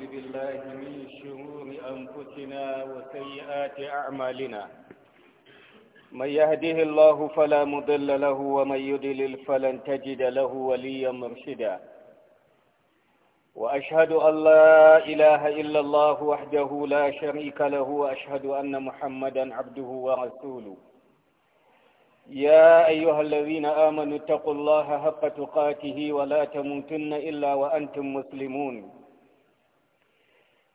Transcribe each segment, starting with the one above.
نعوذ بالله من شرور أنفسنا وسيئات أعمالنا من يهده الله فلا مضل له ومن يضلل فلن تجد له وليا مرشدا وأشهد أن لا إله إلا الله وحده لا شريك له وأشهد أن محمدا عبده ورسوله يا أيها الذين آمنوا اتقوا الله حق تقاته ولا تموتن إلا وأنتم مسلمون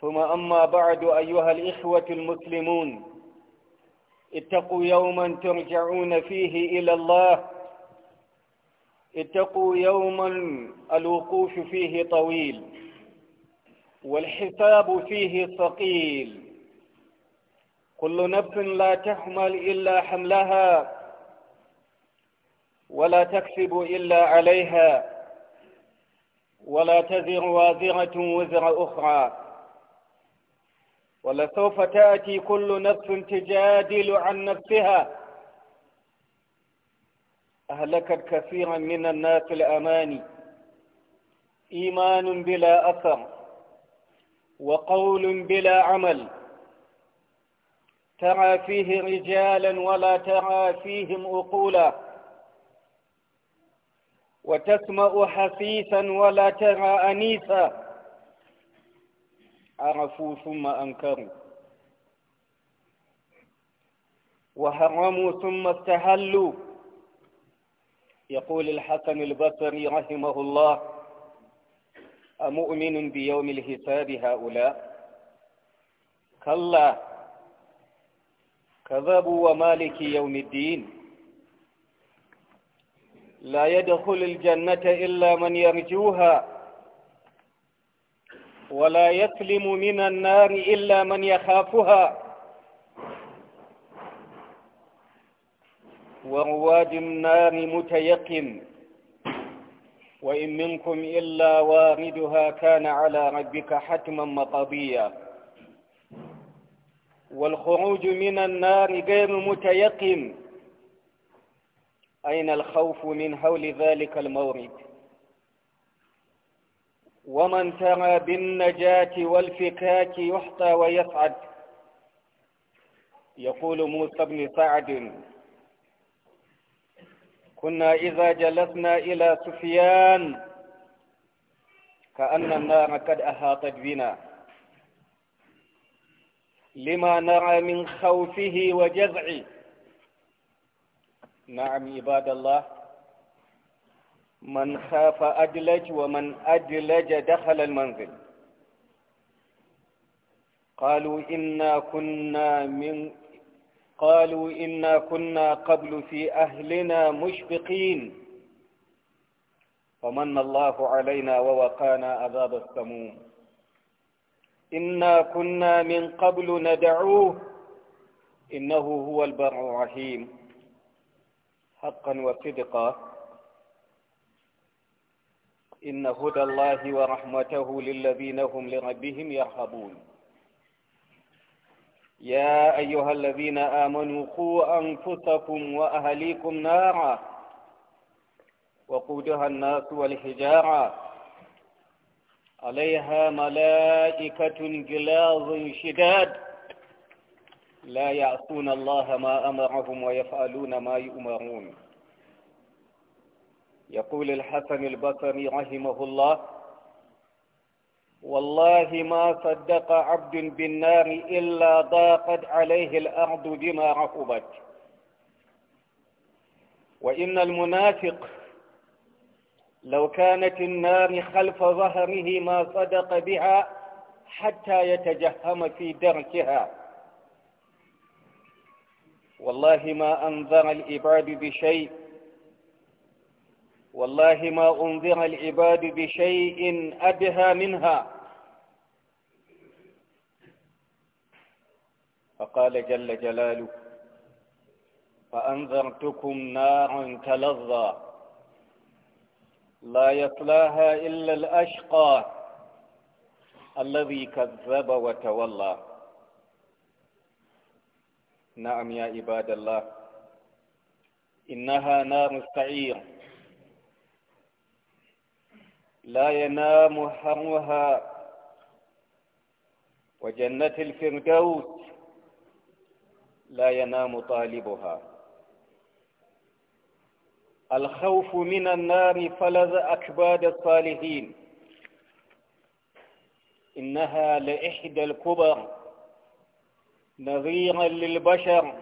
ثم أما بعد أيها الإخوة المسلمون اتقوا يوما ترجعون فيه إلى الله اتقوا يوما الوقوف فيه طويل والحساب فيه ثقيل كل نفس لا تحمل إلا حملها ولا تكسب إلا عليها ولا تزر وازرة وزر أخرى ولسوف تأتي كل نفس تجادل عن نفسها أهلكت كثيرا من الناس الأماني إيمان بلا أثر وقول بلا عمل ترى فيه رجالا ولا ترى فيهم أقولا وتسمع حسيسا ولا ترى أنيسا عرفوا ثم أنكروا وحرموا ثم استحلوا يقول الحسن البصري رحمه الله أمؤمن بيوم الحساب هؤلاء كلا كذبوا ومالك يوم الدين لا يدخل الجنة إلا من يرجوها ولا يسلم من النار إلا من يخافها ورواد النار متيقن وإن منكم إلا واردها كان على ربك حتما مقضيا والخروج من النار غير متيقن أين الخوف من هول ذلك المورد ومن ترى بالنجاة والفكاك يحطى ويصعد يقول موسى بن سعد كنا إذا جلسنا إلى سفيان كأن النار قد أحاطت بنا لما نرى من خوفه وجزعه نعم عباد الله من خاف أدلج ومن أدلج دخل المنزل قالوا إنا كنا من قالوا إنا كنا قبل في أهلنا مشفقين فمن الله علينا ووقانا عذاب السموم إنا كنا من قبل ندعوه إنه هو البر الرحيم حقا وصدقا إن هدى الله ورحمته للذين هم لربهم يرهبون يا أيها الذين آمنوا قوا أنفسكم وأهليكم نارا وقودها الناس والحجارة عليها ملائكة جلاظ شداد لا يعصون الله ما أمرهم ويفعلون ما يؤمرون يقول الحسن البصري رحمه الله والله ما صدق عبد بالنار إلا ضاقت عليه الأرض بما رحبت وإن المنافق لو كانت النار خلف ظهره ما صدق بها حتى يتجهم في دركها والله ما أنذر العباد بشيء والله ما أنذر العباد بشيء أدهى منها فقال جل جلاله فأنذرتكم نارا تلظى لا يصلاها إلا الأشقى الذي كذب وتولى نعم يا عباد الله إنها نار السعير لا ينام حرها وجنة الفردوس لا ينام طالبها الخوف من النار فلذ أكباد الصالحين إنها لإحدى الكبر نظيرا للبشر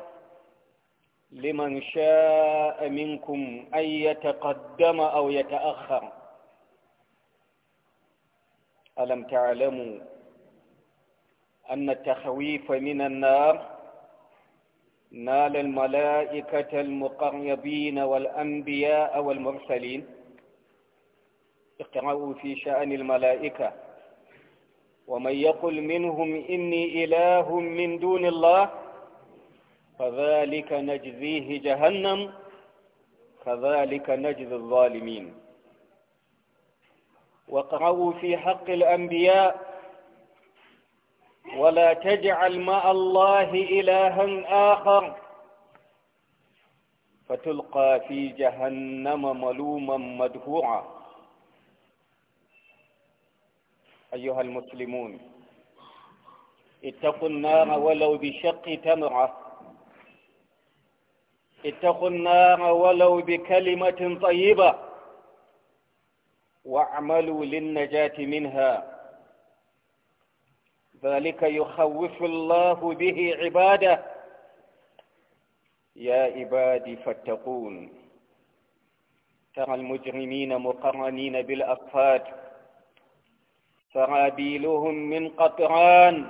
لمن شاء منكم أن يتقدم أو يتأخر ألم تعلموا أن التخويف من النار نال الملائكة المقربين والأنبياء والمرسلين اقرأوا في شأن الملائكة ومن يقل منهم إني إله من دون الله فذلك نجزيه جهنم كذلك نجزي الظالمين واقرأوا في حق الأنبياء ولا تجعل مع الله إلها آخر فتلقى في جهنم ملوما مدفوعا أيها المسلمون اتقوا النار ولو بشق تمرة اتقوا النار ولو بكلمة طيبة واعملوا للنجاة منها ذلك يخوف الله به عباده يا عبادي فاتقون ترى المجرمين مقرنين بالأصفاد سرابيلهم من قطران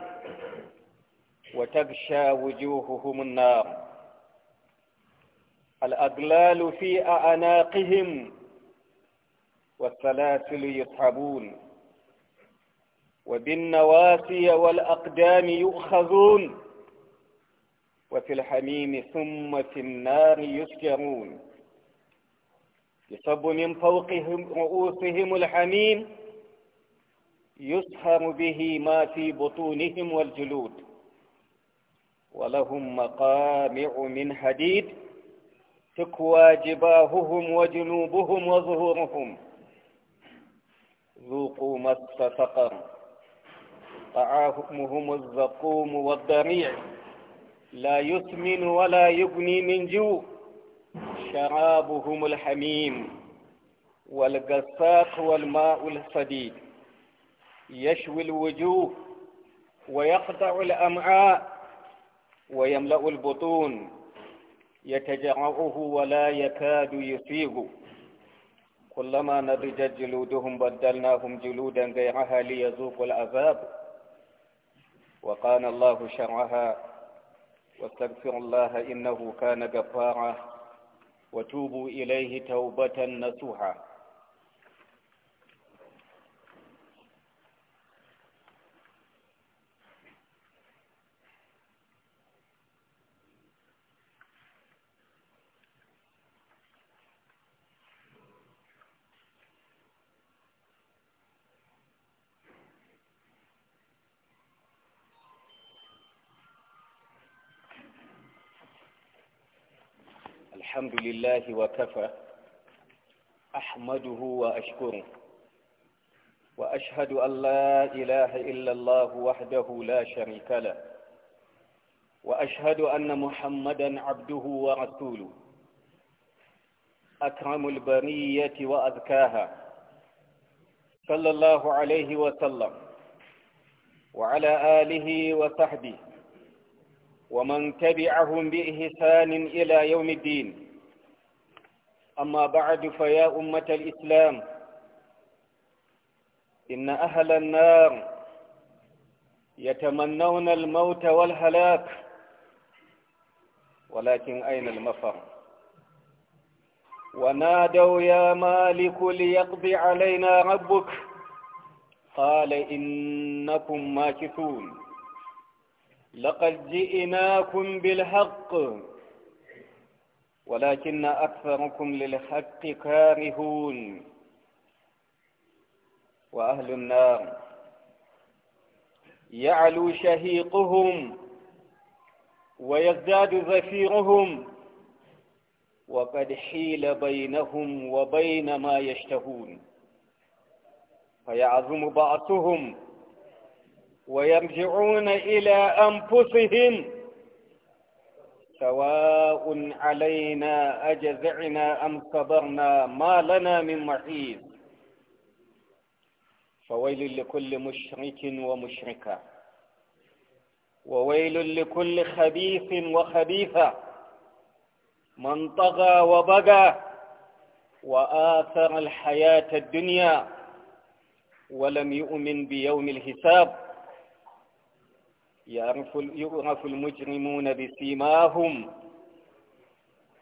وتغشى وجوههم النار الأقلال في أعناقهم والسلاسل يصحبون وبالنواسي والأقدام يؤخذون وفي الحميم ثم في النار يسجرون يصب من فوقهم رؤوسهم الحميم يسهم به ما في بطونهم والجلود ولهم مقامع من حديد تكوى جباههم وجنوبهم وظهورهم ذوقوا مس سقر طعامهم الزقوم والضريع لا يسمن ولا يغني من جوع شرابهم الحميم والقساق والماء الصديد يشوي الوجوه ويقطع الأمعاء ويملأ البطون يتجرعه ولا يكاد يسيغ كلما نضجت جلودهم بدلناهم جلودا غيرها ليذوقوا العذاب وقال الله شرعها واستغفر الله إنه كان غفارا وتوبوا إليه توبة نصوحا الحمد لله وكفى أحمده وأشكره وأشهد أن لا إله إلا الله وحده لا شريك له وأشهد أن محمدا عبده ورسوله أكرم البرية وأذكاها صلى الله عليه وسلم وعلى آله وصحبه ومن تبعهم بإحسان إلى يوم الدين أما بعد فيا أمة الإسلام إن أهل النار يتمنون الموت والهلاك ولكن أين المفر ونادوا يا مالك ليقضي علينا ربك قال إنكم ماكثون لقد جئناكم بالحق ولكن أكثركم للحق كارهون وأهل النار يعلو شهيقهم ويزداد زفيرهم وقد حيل بينهم وبين ما يشتهون فيعظم بعثهم ويرجعون إلى أنفسهم سواء علينا أجزعنا أم صبرنا ما لنا من محيط فويل لكل مشرك ومشركة وويل لكل خبيث وخبيثة من طغى وبغى وآثر الحياة الدنيا ولم يؤمن بيوم الحساب يعرف المجرمون بسيماهم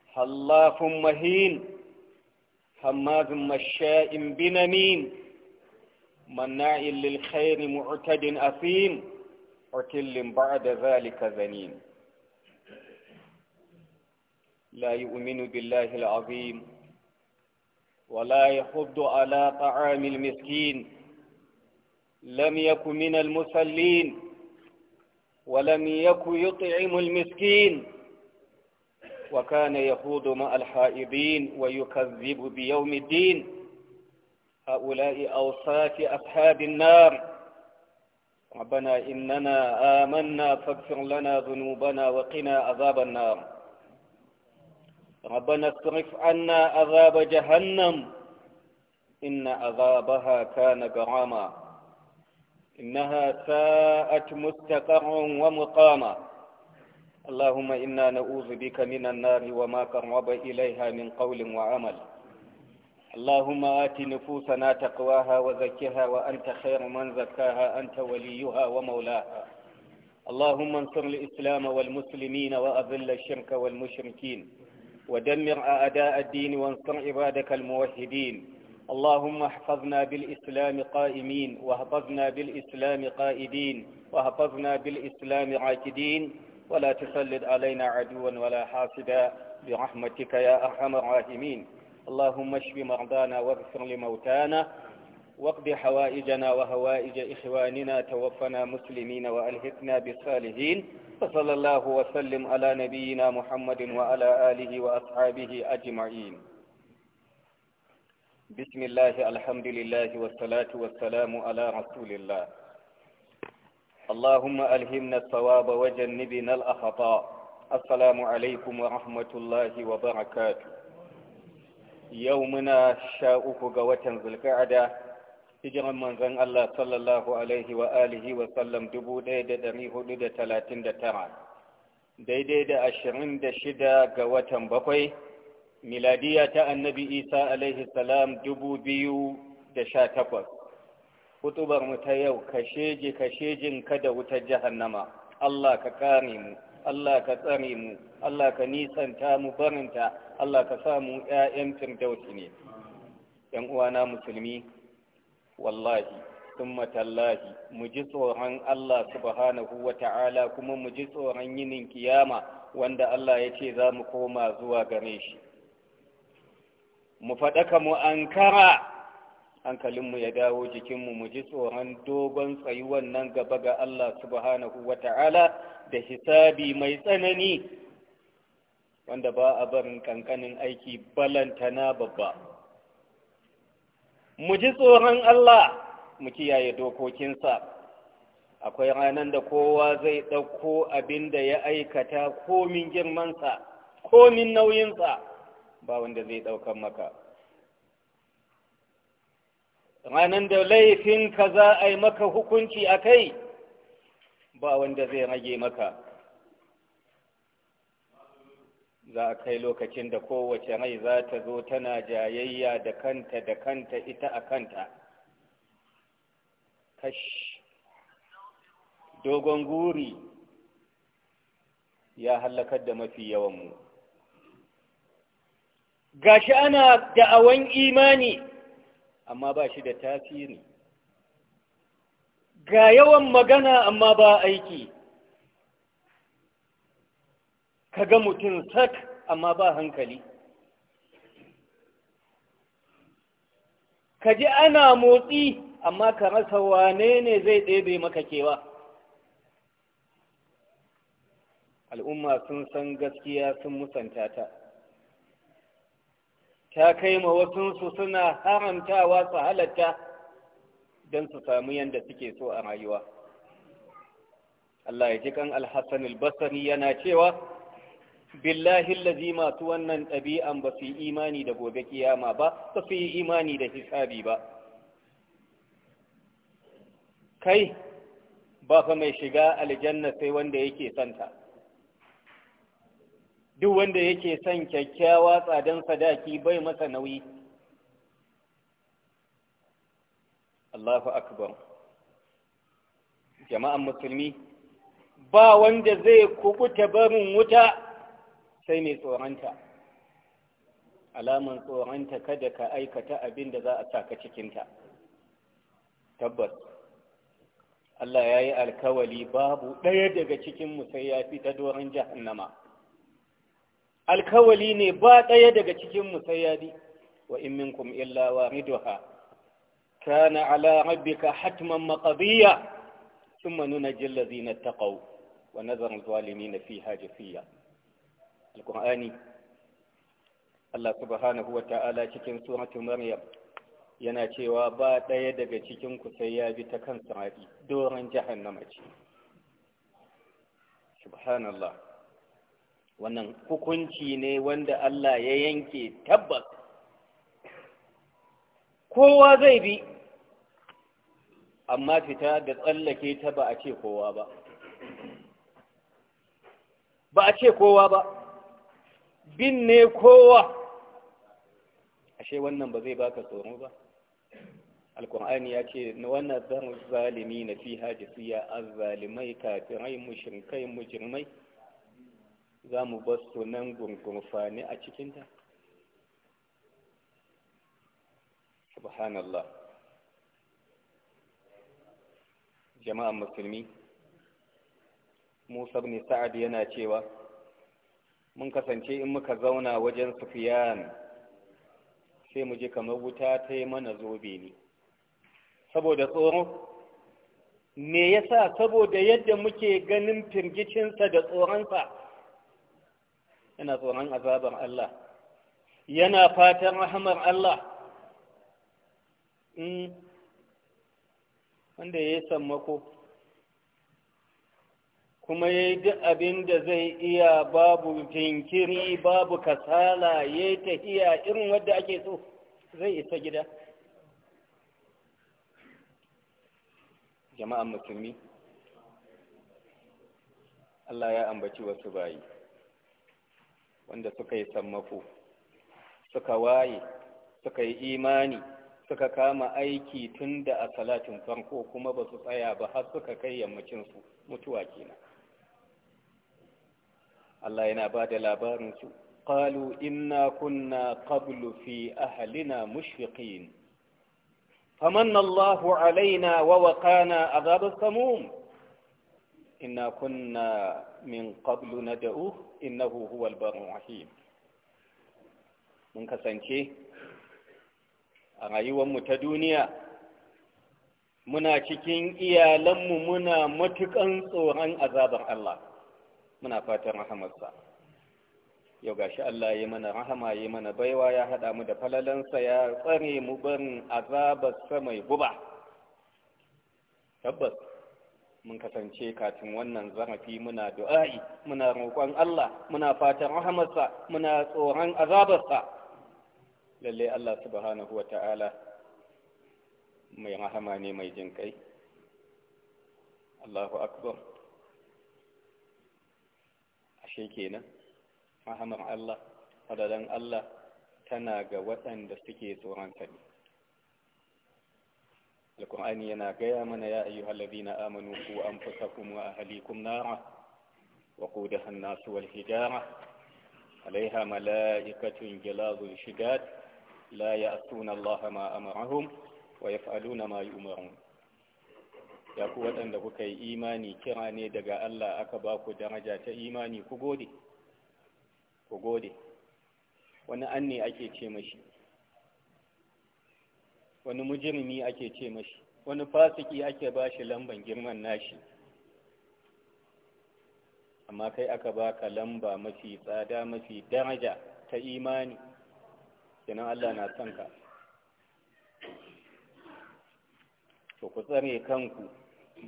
حلاف مهين هماز مشاء بنميم مناع للخير معتد أثيم عتل بعد ذلك ذنيم لا يؤمن بالله العظيم ولا يحض على طعام المسكين لم يكن من المسلين ولم يك يطعم المسكين وكان يخوض مع الحائضين ويكذب بيوم الدين هؤلاء أوصاف أصحاب النار ربنا إننا آمنا فاغفر لنا ذنوبنا وقنا عذاب النار ربنا اصرف عنا عذاب جهنم إن عذابها كان غراما إنها ساءت مستقرا ومقاما اللهم إنا نعوذ بك من النار وما قرب إليها من قول وعمل اللهم آت نفوسنا تقواها وزكها وأنت خير من زكاها أنت وليها ومولاها اللهم انصر الإسلام والمسلمين وأذل الشرك والمشركين ودمر أعداء الدين وانصر عبادك الموحدين اللهم احفظنا بالإسلام قائمين واهفظنا بالإسلام قائدين واهفظنا بالإسلام عاكدين ولا تسلد علينا عدوا ولا حاسدا برحمتك يا أرحم الراحمين اللهم اشف مرضانا واغفر لموتانا واقض حوائجنا وهوائج إخواننا توفنا مسلمين وألهكنا بالصالحين وصلى الله وسلم على نبينا محمد وعلى آله وأصحابه أجمعين بسم الله الحمد لله والصلاة والسلام على رسول الله اللهم ألهمنا الصواب وجنبنا الأخطاء السلام عليكم ورحمة الله وبركاته يومنا شاؤه قوة ذو القعدة hijiran manzon Allah sallallahu alaihi wa alihi wa sallam tara, daidai da ashirin da shida ga watan bakwai miladiya ta annabi isa alaihi salam dubu biyu da sha takwas hutubar mu ta yau kasheji kashejin kada wuta jahannama Allah ka kare mu Allah ka tsare mu Allah ka nisanta mu barinta Allah ka sa mu ƴaƴan firdausi ne ƴan uwana musulmi wallahi summa tallahi mu ji tsoron Allah subhanahu wata'ala kuma mu ji tsoron yinin kiyama wanda Allah ya ce za mu koma zuwa gare shi mu faɗaka mu ankara hankalinmu ya dawo jikinmu mu ji tsoron dogon tsayuwan nan gaba ga Allah subhanahu wa ta'ala da hisabi mai tsanani wanda ba a barin kankanin aiki balantana babba mu ji tsoron Allah mu kiyaye dokokinsa akwai ranar da kowa zai ɗauko abinda ya aikata komin girmansa komin nauyinsa ba wanda zai ɗaukan maka Ranan da laifin ka za a yi maka hukunci a kai ba wanda zai rage maka za a kai lokacin da kowace rai za ta zo tana jayayya da kanta da kanta ita a kanta kash dogon guri ya hallakar da mafi yawanmu Ga shi ana da'awan imani amma ba shi da tasiri ga yawan magana amma ba aiki kaga mutum sak amma ba hankali kaji ana motsi amma ka rasa wane ne zai ɗebe maka kewa al'umma sun san gaskiya sun musanta ta ta kai ma wasunsu suna haramtawa su halatta don su samu yadda suke so a rayuwa Allah ya ji kan alhassan albasari yana cewa billahi lazi masu wannan ɗabi'an ba su yi imani da gobe kiyama ba ba su yi imani da hisabi ba kai ba fa mai shiga aljanna sai wanda yake santa duk wanda yake son kyakkyawa tsadan sadaki bai masa nauyi Allahu akbar jama'an musulmi ba wanda zai kukuta barin wuta sai mai tsoronta alaman tsoranta kada ka aikata abin da za a saka cikinta tabbas Allah ya yi alkawali babu ɗaya daga cikin sai ya fi ta doron jahannama. alkawali ne ba ɗaya daga cikin musayyadi wa in minkum illa wariduha kana ala rabbika hatman maqdiya thumma nunajji allazina taqaw wa nazaru zalimin fiha jafiya alqur'ani Allah subhanahu wa ta'ala cikin suratul maryam yana cewa ba ɗaya daga cikin ku sai ya bi ta kan sarari doron jahannama ce subhanallah wannan hukunci ne wanda Allah ya yanke tabbas kowa zai bi amma fita da tsallake ta ba a ce kowa ba ba a ce kowa ba bin ne kowa ashe wannan ba zai baka tsoro ba alkur'ani ya ce na wannan zan zalimi na fi an zalimai kafirai mushrikai mujirmai za mu ba su nan gungumfani a cikinta subhanallah jama'a musulmi musa bin sa'ad yana cewa mun kasance in muka zauna wajen sufiyan sai mu je kamar wuta ta yi mana zobe ne saboda tsoro me yasa saboda yadda muke ganin firgicinsa da tsoronsa yana tsoron azabar Allah yana fatan rahamar Allah hmm. wanda ya yi sammako kuma ya yi duk abin da zai iya babu jinkiri babu kasala ya yi tafiya irin wadda ake so zai isa gida jama'an musulmi Allah ya ambaci wasu bayi wanda suka yi sammako suka waye suka yi imani suka kama aiki tun da a salatin farko kuma ba su tsaya ba har suka kai yammacinsu mutuwa kenan Allah yana ba da labarinsu قالوا إنا كنا قبل في أهلنا مشفقين فمن alaina علينا ووقانا عذاب السموم إنا كنا من قبل ندعوه إنه هو البر الرحيم mun kasance a mu ta duniya muna cikin iyalanmu muna matukan tsoron azabar Allah muna fatan rahamarsa yau gashi Allah ya mana rahama ya mana baiwa ya haɗa mu da falalansa ya tsare mu barin azabar mai guba tabbas mun kasance katin wannan zarafi muna du'a'i muna roƙon Allah muna fatan rahamarsa muna tsoron azabarsa lalle Allah subhanahu wata'ala mai rahama ne mai jin kai Allahu akbar ashe kenan rahamar Allah fadalan Allah tana ga waɗanda suke tsoron sa ne alkur'ani yana gaya mana ya ayyuha allazina amanu ku anfusakum wa ahlikum nara wa qudaha an-nas wal hijara alaiha mala'ikatun gilazun shidat la ya'tuna allaha ma amarahum wa yaf'aluna ma yu'marun ya ku waɗanda kuka yi imani kira ne daga Allah aka baku daraja ta imani ku gode wani an ne ake ce mashi wani mujirmi ake ce mashi wani fasiki ake ba shi lamban girman nashi amma kai aka baka lamba mafi tsada mafi daraja ta imani kenan Allah na son ka to ku tsare kanku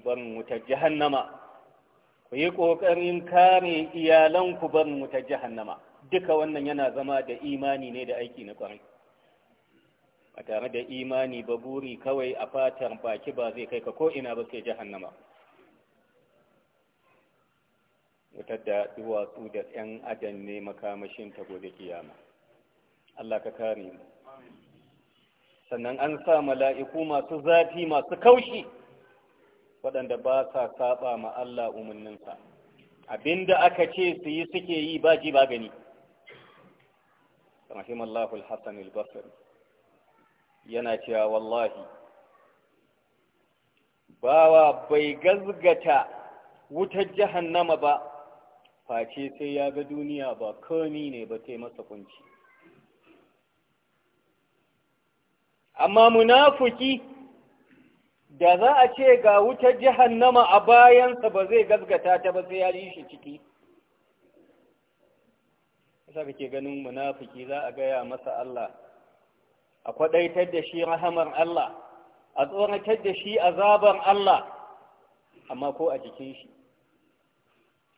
ban wuta jahannama ku yi ƙoƙarin kare iyalanku ban wuta jahannama duka wannan yana zama da imani ne da aiki na ƙwarai ba tare da imani ba buri kawai a fatar baki ba zai kai ka ko'ina ba sai jahannama wutar da duwatsu da ‘yan adan ne makamashin ta gobe kiyama Allah ka kare mu sannan an sa mala'iku masu zafi masu kaushi waɗanda ba sa saba ma Allah umarninsa abinda aka ce su yi suke yi ba ji ba gani rahim Allahul Hassan yana cewa wallahi bawa bai gazgata wutar jahannama ba face sai ya ga duniya ba komi ne ba sai masa kunci amma munafuki da za a ce ga wutar jahannama a bayansa ba zai gazgata ta ba sai ya yi shi ciki sa kake ganin munafuki za a gaya masa Allah a kwadaitar da shi rahamar Allah a tsoratar da shi azabar Allah amma ko a jikin shi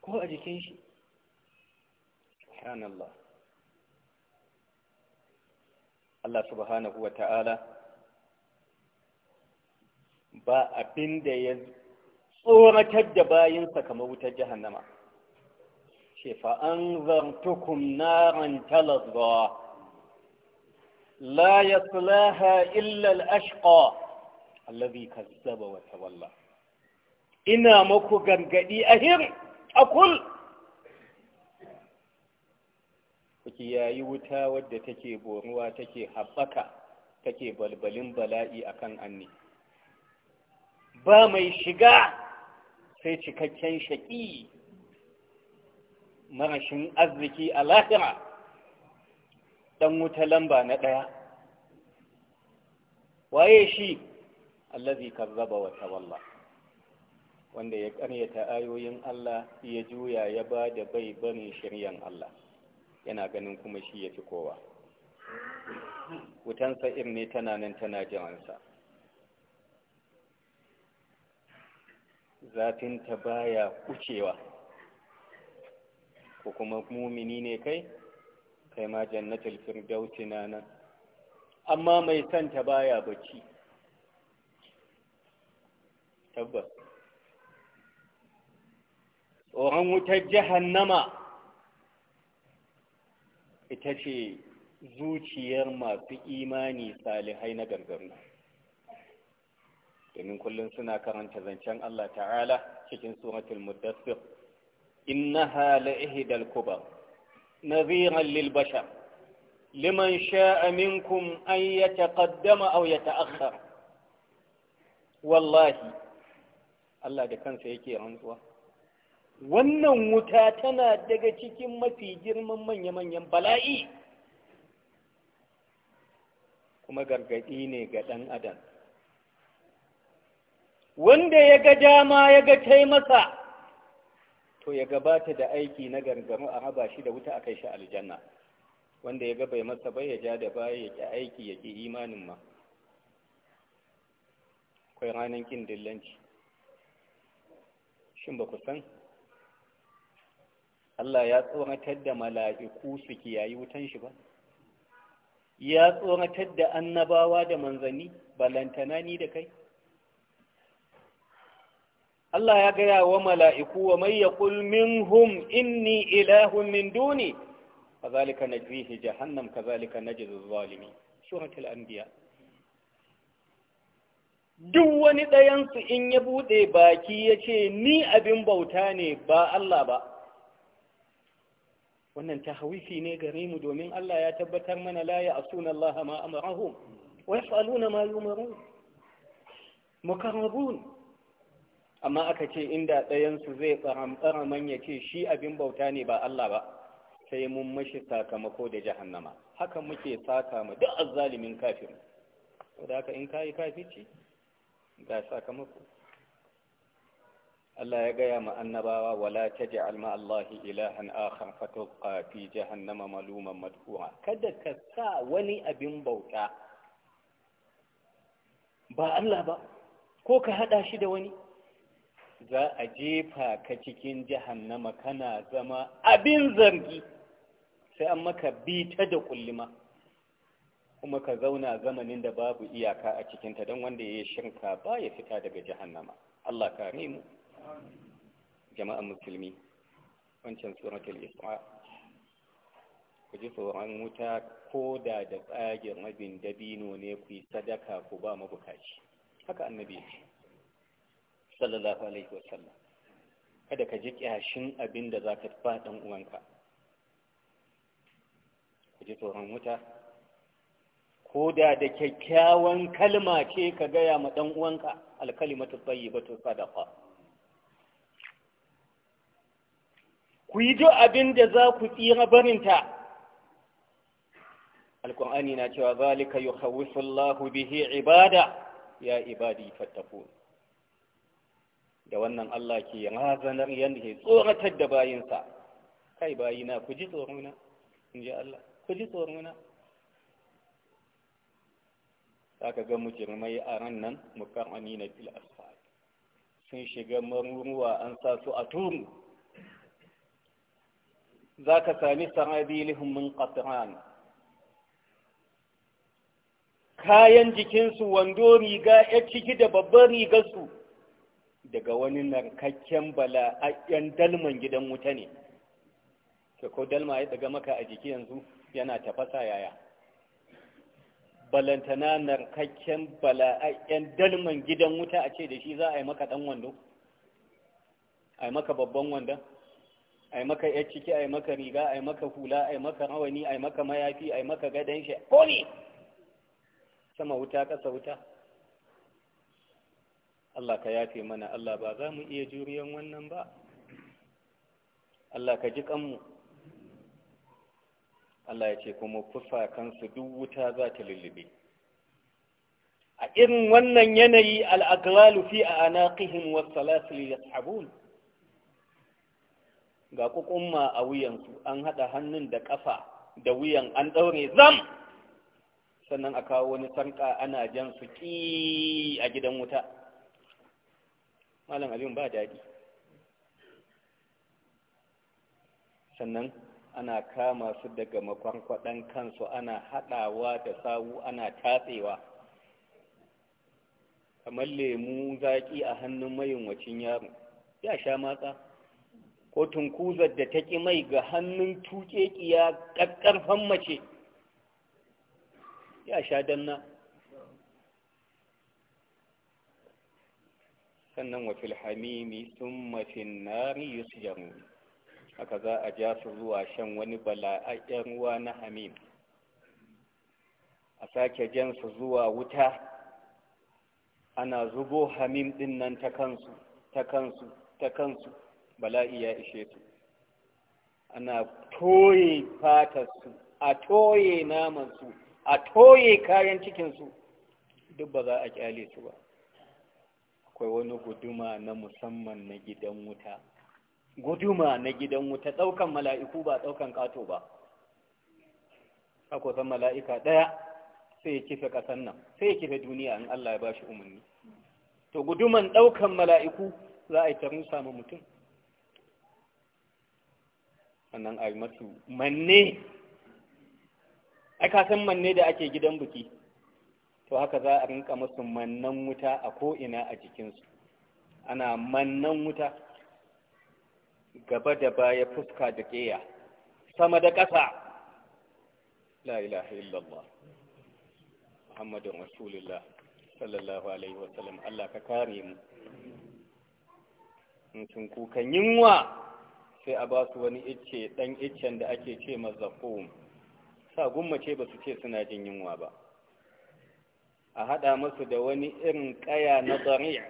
ko a jikin shi subhanallah Allah subhanahu wa ta'ala ba abin da ya tsoratar da bayinsa kamar wutar jahannama ce fa'an zartukum naran talazwa لا يصلاها إلا الأشقى الذي كذب وتولى إنا مكو غنغدي أهم أقول yayi wuta wadda take boruwa take haɓaka take balbalin bala'i akan anni ba mai shiga sai cikakken shaƙi marashin arziki a lahira ɗan wuta lamba na ɗaya waye shi allazi kazzaba wa tawalla wanda ya ƙaryata ayoyin Allah ya juya ya ba da bai bane shiryan Allah yana ganin kuma shi ya fi kowa wutan sa tana nan tana jiransa zafinta baya kucewa ko kuma mumini ne kai kai ma jannatul firdausi na nan amma mai ta baya bacci tabbas tsoron wutar jahannama ita ce zuciyar masu imani salihai na gargaru domin kullum suna karanta zancen Allah ta'ala cikin suratul muddassir innaha la'ihdal kubar نذيرا للبشر لمن شاء منكم أن يتقدم أو يتأخر والله الله da kansa yake rantsuwa wannan wuta tana daga cikin mafi girman manya-manyan bala'i kuma gargaɗi ne ga ɗan adam wanda ya ga dama ya ga taimaka to ya gabata da aiki na gargaru a raba shi da wuta a kai shi aljanna wanda ya bai masa bai ya ja da baya ya aiki ya imanin ma akwai ranar ƙin dillanci shin ba ku san Allah ya tsoratar da mala'iku su kiyayi wutan shi ba ya tsoratar da annabawa da manzanni balantana ni da kai Allah ya gaya wa mala'iku wa mai kulmin minhum inni ilahun min duni kazalika najzihi jahannam kazalika najzi zalimi suratul anbiya duk wani ɗayansu in ya buɗe baki ya ce ni abin bauta ne ba Allah ba wannan tahawifi ne gare mu domin Allah ya tabbatar mana layi a sunan Allah ma wa yas'aluna ma yumarun mukarrabun amma aka ce inda ɗayansu zai tsaramtsaraman ya ce shi abin bauta ne ba Allah ba sai mun mashi sakamako da jahannama haka muke saka ma duk azzalimin kafin wadda haka in kayi kafici ga sakamako Allah ya gaya ma annabawa wala taj'al alma Allah ilahan akhar fatulqa fi jahannama maluman madhura kada ka sa wani abin bauta ba Allah ba ko ka hada shi da wani za a jefa ka cikin jahannama kana zama abin zargi sai an maka bita da kullima kuma ka zauna zamanin da babu iyaka a cikinta don wanda ya yi shirka ba ya fita daga jahannama Allah ka mu jama'an musulmi wancan suratul isra ku ji tsoron wuta ko da da tsagin rabin dabino ne ku yi sadaka ku ba mabukaci haka annabi ya ce sallallahu alaihi wasallam kada ka ji kyashin abin da za ka uwanka ku ji tsoron wuta ko da da kyakkyawan kalma ce ka gaya ma ɗan uwanka alkalimatu tayyibatu sadaqa ku yi duk abin da za ku tsira barinta alkur'ani na cewa zalika yukhawwifu Allahu bihi ibada ya ibadi fattaqun da wannan Allah ke razanar yadda ke tsoratar da bayinsa kai bayina ku ji tsorona in ji Allah ku ji tsorona za ka ga mujirmai a ran nan mukarrami na bil asfal sun shiga maruruwa an sa su a turu za ka sami sarabilihun mun qatran kayan jikinsu wando riga ya ciki da babban rigarsu daga wani narkakken bala'ayyen dalman gidan wuta ne ko dalma ya daga maka a jiki yanzu yana tafasa yaya balantana narkakken bala'ayyen dalman gidan wuta a ce da shi za a yi maka ɗan wando a yi maka babban wanda a yi maka ya ciki a yi maka riga a yi maka hula a yi maka rawani a yi maka mayafi a yi maka gadon shi ko ne sama wuta ƙasa wuta Allah ka yafe mana Allah ba za mu iya juriyan wannan ba Allah ka ji kanmu Allah ya ce kuma kusa kansu duk wuta za ta lullube a irin wannan yanayi al'aglalu fi a anaƙihin wasu lasili ga kukumma a wuyansu an haɗa hannun da ƙafa da wuyan an ɗaure zam sannan a kawo wani sanka ana jan su ƙi a gidan wuta malam abin ba daɗi sannan ana kama su daga makwankwaɗan kansu ana haɗawa da sawu ana tatsewa kamar lemu zaƙi a hannun mayunwacin yaro ya sha matsa ko tunkuzar da ta ƙi mai ga hannun tuƙeƙiya ƙaƙƙarfan mace ya sha danna sannan wa fil hamimi thumma fin nari haka za a ja su zuwa shan wani 'yan ruwa na hamim a sake jan su zuwa wuta ana zubo hamim din nan ta kansu ta kansu ta kansu bala'i ya ishe su ana toye fatarsu a toye namansu a toye kayan cikinsu duk ba za a kyale su ba akwai wani guduma na musamman na gidan wuta guduma na gidan wuta ɗaukan mala'iku ba ɗaukan ƙato ba akwai san mala'ika ɗaya sai ya kife ƙasan nan sai ya kife duniya in Allah ya ba shi umarni to guduman ɗaukan mala'iku za a yi tarin samun mutum sannan a yi matu, manne aka san manne da ake gidan buki to haka za a rinka musu mannan wuta a ko'ina a jikinsu ana mannan wuta gaba da baya fuska da ƙeya sama da ƙasa la ilaha illallah muhammadin rasulullah sallallahu alaihi wasallam Allah ka kare mu in sun kukan yinwa sai a ba su wani icce ɗan iccen da ake ce mazakom sa gummace ba su ce suna jin yinwa ba a haɗa masu da wani irin ƙaya na tsariya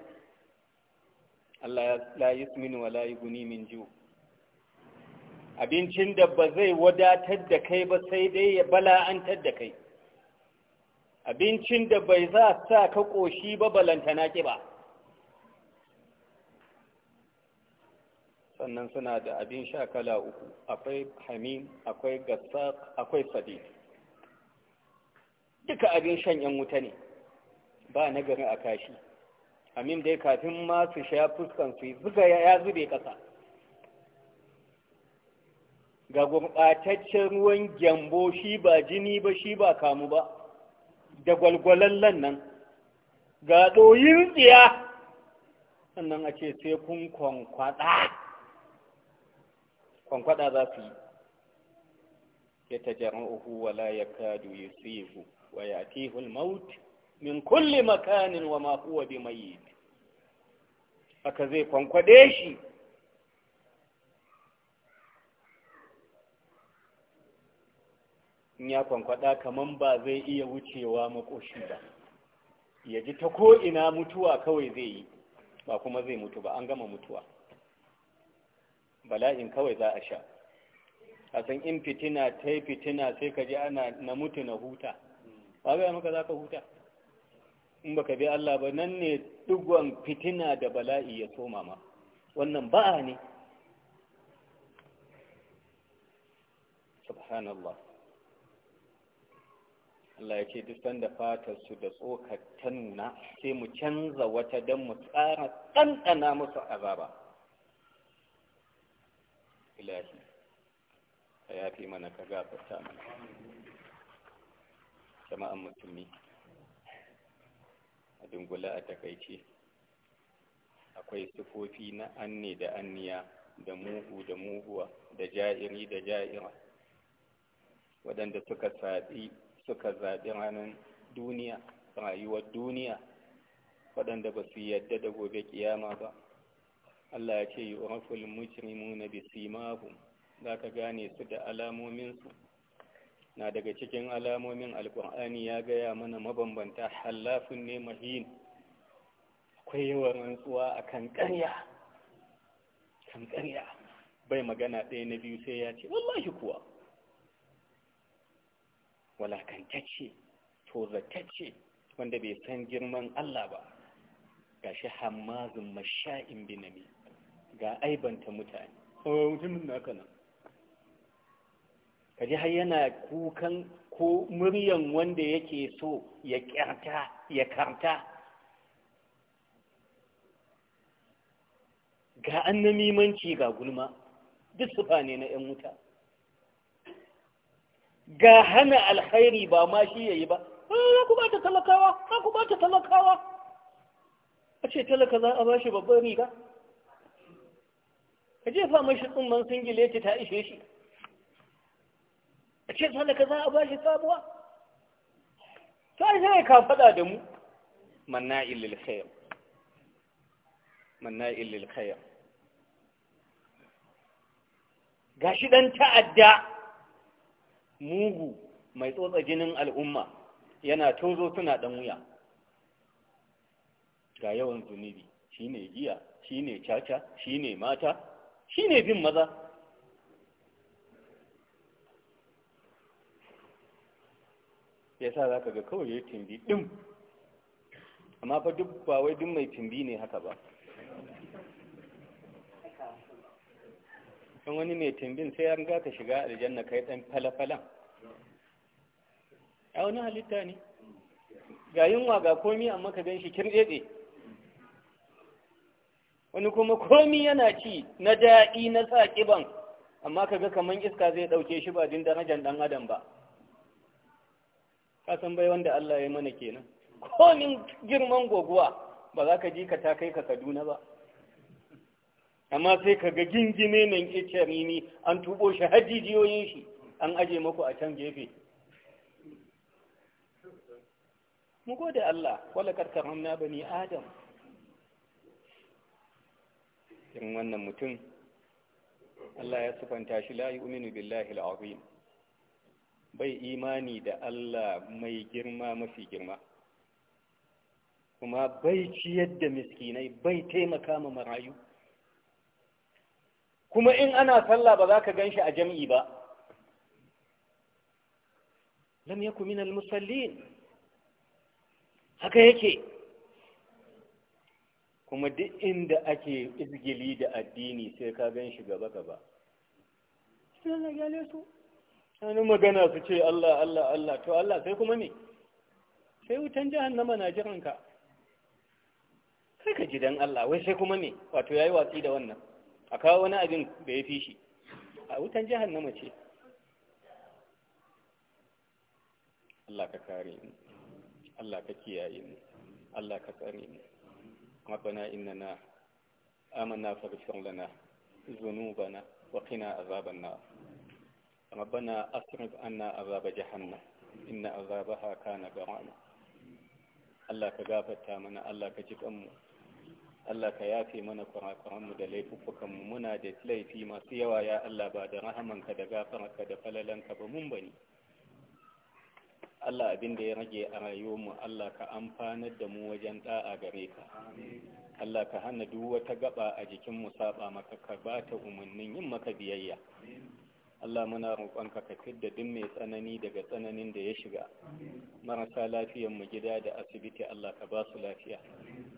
Allah la yusmin wa la yuguni min ju abincin da ba zai wadatar da kai ba sai dai ya bala'antar da kai abincin da bai za sa ka ƙoshi ba balantana ba. sannan suna da abin sha kala uku akwai hamim akwai gassak akwai sadiq duka abin shan yan wuta ne ba nagari a kashi amin dai kafin ma su sha fuskan su zuga ya zube ƙasa ga gurɓataccen ruwan gyambo shi ba jini ba shi ba kamu ba da gwalgwalallan nan ga ɗoyin tsiya sannan a ce sai kun kwankwada kwankwada za su yi ya jaran uhu wala ya kadu yusifu wa ya tihul mauti min kulli makanin wa ma huwa bi mayyit aka zai kwankwade shi in ya kwankwada kaman ba zai iya wucewa makoshi ba ya ji ta ko'ina mutuwa kawai zai yi ba kuma zai mutu ba an gama mutuwa bala'in kawai za a sha a san in fitina ta yi fitina sai ka ji ana na mutu na huta ba ga maka za ka huta in baka bi Allah ba nan ne digon fitina da bala'i ya soma ma wannan ba'a ne subhanallah Allah ya ce duk sanda su da tsokar ta sai mu canza wata don mu tsara ɗanɗana musu azaba ilahi ka yafi mana ka gafarta mana jama'an musulmi a dungula a takaice akwai sifofi na anne da anniya da muhu da muhuwa da ja'iri da ja'ira waɗanda suka zaɓi ranar duniya rayuwar duniya waɗanda ba su yadda da gobe kiyama ba Allah ya ce yi wa rafin na bisimahu za ka gane su da alamominsu na daga cikin alamomin alkur'ani ya gaya mana mabambanta halafin ne mahin akwai yawan rantsuwa a kan ƙarya kan ƙarya bai magana ɗaya na biyu sai ya ce wallahi kuwa walakantacce zatacce wanda bai san girman Allah ba ga shi hamazin masha'in binami ga aibanta mutane oh, mutumin naka nan kaji har yana kukan ko muryan wanda yake so ya kyarta ya karta ga annamimanci ga gulma duk su ne na 'yan wuta ga hana alkhairi ba ma shi yayi ba za ah, ku ba ta talakawa za ku ba ta talakawa a ce talaka za a bashi babban riga ka jefa mashi tsumman singileti ta ishe shi a ce sadaka za a ba shi sabuwa sai sai ka faɗa da mu manna'il lil khair manna'il lil khair gashi dan ta'adda mugu mai tsotsa jinin al'umma yana tozo suna ɗan wuya ga yawan zunubi shine giya shine caca shine mata shine bin maza ya sa za ka ga kawai ya yi ɗin amma fa duk ba wai duk mai tumbi ne haka ba ɗan wani mai timbin sai an ka shiga aljanna kai ɗan falafalan a wani halitta ne ga yunwa ga komi amma ka gan shi kirɗeɗe wani kuma komi yana ci na daɗi na sa ƙiban amma ka ga kamar iska zai ɗauke shi ba din darajar ɗan adam ba kasan bai wanda Allah ya mana kenan konin girman goguwa ba za ka ji ka ta kai ka kaduna ba amma sai ka ga gingine mai ice mimi an tubo shi hadijiyoyin shi an aje maku a can gefe mu gode Allah wala hamna ba bani adam Yin wannan mutum Allah ya sufanta shi la yu'minu billahi al-azim bai imani da Allah mai girma mafi girma kuma bai ciyar da miskinai bai taimaka ma marayu kuma in ana sallah ba za ka gan shi a jam'i ba lam ya min al-musallin haka yake kuma duk inda ake izgili da addini sai ka gan shi gaba gaba sai gane su sani magana su ce Allah Allah Allah to Allah sai kuma me sai wutan jahannama na jiranka kai ka ji don Allah wai sai kuma me wato ya yi watsi da wannan a kawo wani abin da ya fi shi a wutan jahannama ce Allah ka kare mu Allah ka kiyaye mu Allah ka tsare mu ربنا إننا آمنا فاغفر لنا ذنوبنا وقنا عذاب النار ربنا أصرف عنا عذاب جهنم إن عذابها كان غراما Allah ka gafarta mana Allah ka ji Allah ka yafe mana kurakuranmu da laifukanmu muna da laifi masu yawa ya Allah ba da rahamanka da gafararka da falalanka ba mun bane Allah abin ya rage a rayuwarmu Allah ka amfanar da mu wajen da'a gare ka Allah ka hana duk wata gaɓa a jikin mu saba maka ka bata umarnin yin maka biyayya Allah muna roƙonka ka fidda duk mai tsanani daga tsananin da ya shiga marasa lafiyar mu gida da asibiti Allah ka ba su lafiya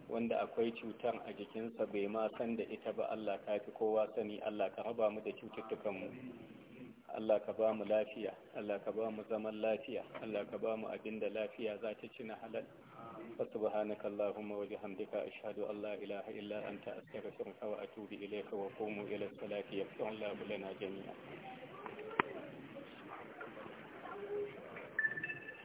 wanda akwai cutar a jikinsa bai ma san da ita ba Allah ka fi kowa sani Allah ka raba mu da cututtukan mu Allah ka ba mu lafiya Allah ka ba mu zaman lafiya Allah ka ba mu abin da lafiya za ta ci na halal فسبحانك اللهم وبحمدك أشهد أن لا إله إلا أنت أستغفرك وأتوب إليك وقوموا إلى الصلاة يغفر الله لنا جميعا